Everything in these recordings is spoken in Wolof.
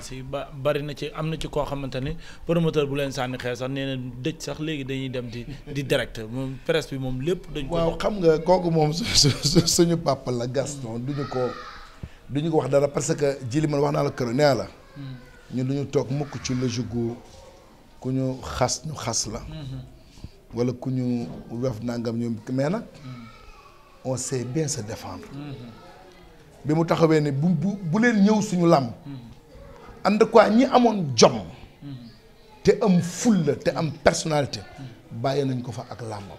violence ba bari na ci am na ci koo xamante ni promoteur bu leen sànni xeer sax nee na dëj sax léegi dañuy dem di di direct moom presse bi moom lépp. dañ waaw xam nga kooku moom suñu papa la Gaston duñu ko duñu ko wax dara parce que jili man wax naa la kër nee la. ñun duñu toog mukk ci logique ku ñu xas xas la. ku ñu wef nangam ñoom mais nag. on sait bien se mm-hmm. mu taxawee ne bu bu bu leen ñëw suñu làmb ànd quoi ñi amoon jom te am fulla te am personnalité bàyyee nañ ko fa ak làmbam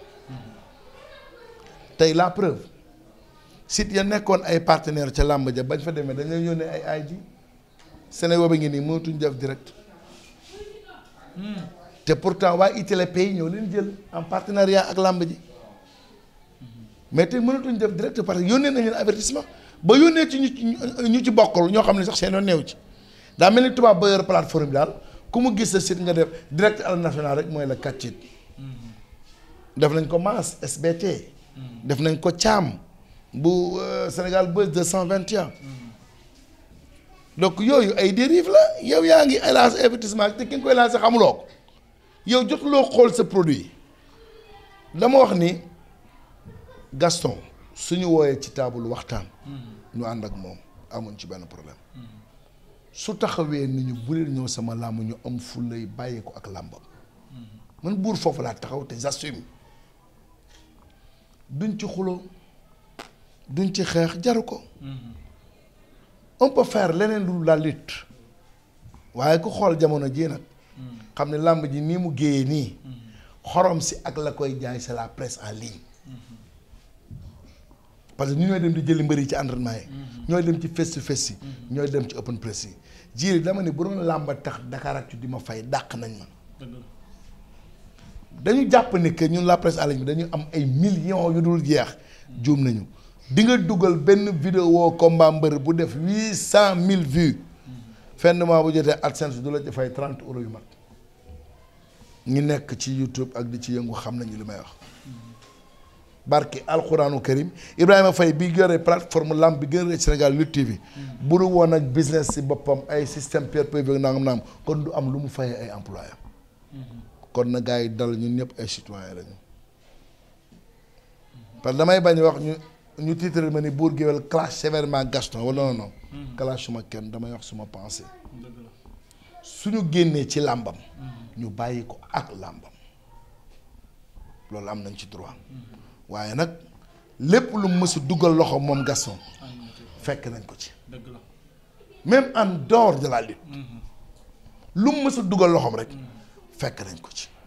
tey la preuve sit ya nekkoon ay partenaire ca làmb ja bañ fa demee dañ leen yónnee ay ay ji sene wooba ngi nii mënatuñ def direct te pourtant waa ITLP yi ñëw leen jël en partenariat ak làmb ji mais tey mënatuñ def direct parce que yónnee nañ leen avertissement ba yónnee ci ñu ci ñu ci bokkul ñoo xam ne sax seenoon yoon néew ci daa mel ni tubaab ba yor plateforme bi daal ku mu gis sa sit nga def direct à nationale rek mooy la kàccit mm-hmm. def nañ ko Mass SBT. Mm-hmm. def nañ ko caam bu euh, Sénégal Buzz deux cent vingt et un mm-hmm. donc yooyu ay dérive la yow yaa ngi lancé investissement te ki nga koy lancé xamuloo ko yow jotuloo xool sa produit dama wax ni Gaston ñu wooyee ci table waxtaan. ñu ànd ak moom amuñ ci benn problème. su taxawee ni ñu bu sama làmb ñu am fulay bàyyi ko ak làmbam mm-hmm. man buur foofu laa taxaw te j'assume duñ ci xuloo duñ ci xeex jaru ko mm-hmm. on peut faire leneen lu la waaye ku xool jamono jii nag mm-hmm. xam ne làmb ji nii mu géeyee nii xorom si ak la koy jaay c'est la presse en ligne parce que ñu ñooy dem di jëli mbër yi ci entraînement yi. Mm-hmm. ñooy dem ci face to face yi. Mm-hmm. ñooy dem ci open press yi. jiir dama ne bu doon làmba tax Dakar ak di ma fay dàq nañ ma. dañu jàpp ni que ñun la presse en ligne bi dañu am ay millions yu dul jeex. Mm-hmm. juum nañu di nga dugal benn vidéo combat mbër bu def huit cent mille vues. fenn mois bu jotee AdSense du la ci fay trente yu mag. ñi nekk ci YouTube ak di ci yëngu xam nañu li may wax. barke alxuraanu karim Ibrahima fay bi gëree plateforme lamb bi gën a Sénégal Lutte TV bu dul woon ak business si boppam ay système perpétuel nangam naam kon du am lu mu fayee ay employé kon na gars yi dal ñun ñëpp ay citoyen lañu parce que damay bañ wax ñu ñu titre ma ni buur géwél clash sévèrement Gaston wala non non. clash suma kenn damay wax suma pensée. suñu génnee ci làmbam. ñu bàyyi ko ak làmbam loolu am nañ ci droit. waaye nag lépp lu mës a dugal loxo moom Gaston fekk nañ ko ci même en dehors de mhm. lu mës a dugal loxoom rek fekk nañ ko ci mhm.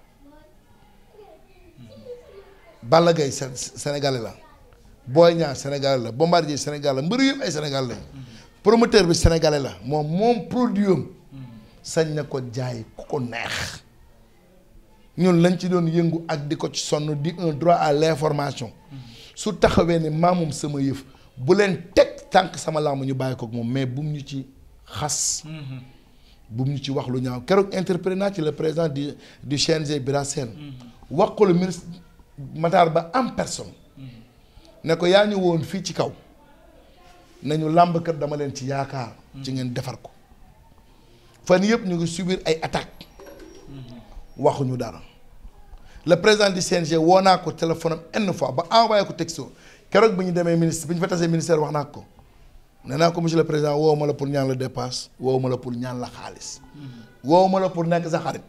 Balla Gaye Sénégalais la booy ñaar Sénégalais la Bombardier Sénégalais la mbër yëpp ay Sénégalais lañ mhm. promoteur bi Sénégalais la moom moom produit sañ na ko jaay ku ko neex ñun lañ ci doon yëngu ak di ko ci sonn di un droit à l'information su taxawee ne maamoom sama yëf bu leen teg tànk sama làmb ñu bàyyi ko moom mais bu mu ñu ci xas bu mu ñu ci wax lu ñaaw keroog interpellé naa ci le président du du CNG Birasène wax ko le Ba am personne ne ko yaa ñu woon fii ci kaw nañu làmbkat dama leen ci yaakaar ci ngeen defar ko fan yëpp ñu ngi subir ay attaques waxuñu dara le président du CNG woo naa ko téléphone am une fois ba envoyé ko texto keroog bi ñu demee ministre bi ñu fa tasee ministère wax naa ko nee naa ko monsieur le président woowu la pour ñaan la dépasse woowu ma la pour ñaan la xaalis mm-hmm. woowu ma la pour nekk sa xarit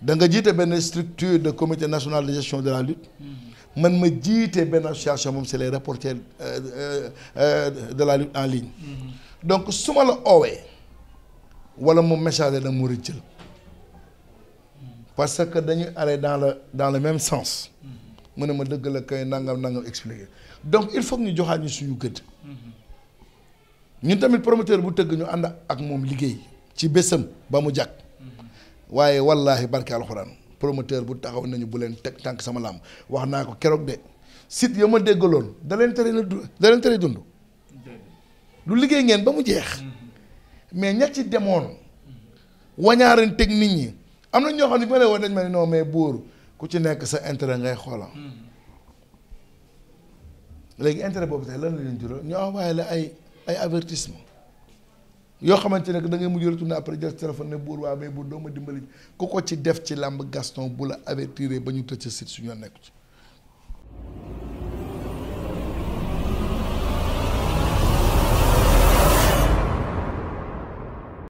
da nga jiite benn structure de comité national de gestion de la lutte mm-hmm. man ma jiite benn association moom c'est les reporters euh, euh, euh, de la lutte en ligne mm-hmm. donc su ma la oowee wala mu messager parce que dañuy aller dans la dans le même sens mu ne ma dëgg la kay nangam nangam expliqué donc il faut ñu joxaat ñu suñu gëdd ñun tamit promoteur bu tëgg ñu ànd ak moom liggéey ci bésam ba mu jàkk waaye wallaahi barke alxuraan promoteur bu taxaw nañu bu leen teg tànk sama làmb wax naa ko keroog de sit ya ma déggaloon da leen tere na da leen tere dund lu liggéey ngeen ba mu jeex mm-hmm. mais ña ci demoon wañaarante teg nit ñi am na ñoo xam ne bu ma leen woon dañ ma ne non mais buur ku ci nekk sa intérêt ngay xoola hmm. léegi intérêt boobu tey lan la leen jural ñu envoyé la ay ay yoo xamante ne da ngay mujj retourné après jël téléphone ne buur waa mais buur doo dimbali ku ko ci def ci làmb Gaston bu la avertir ba ñu tëj sa site su ñoo nekku ci.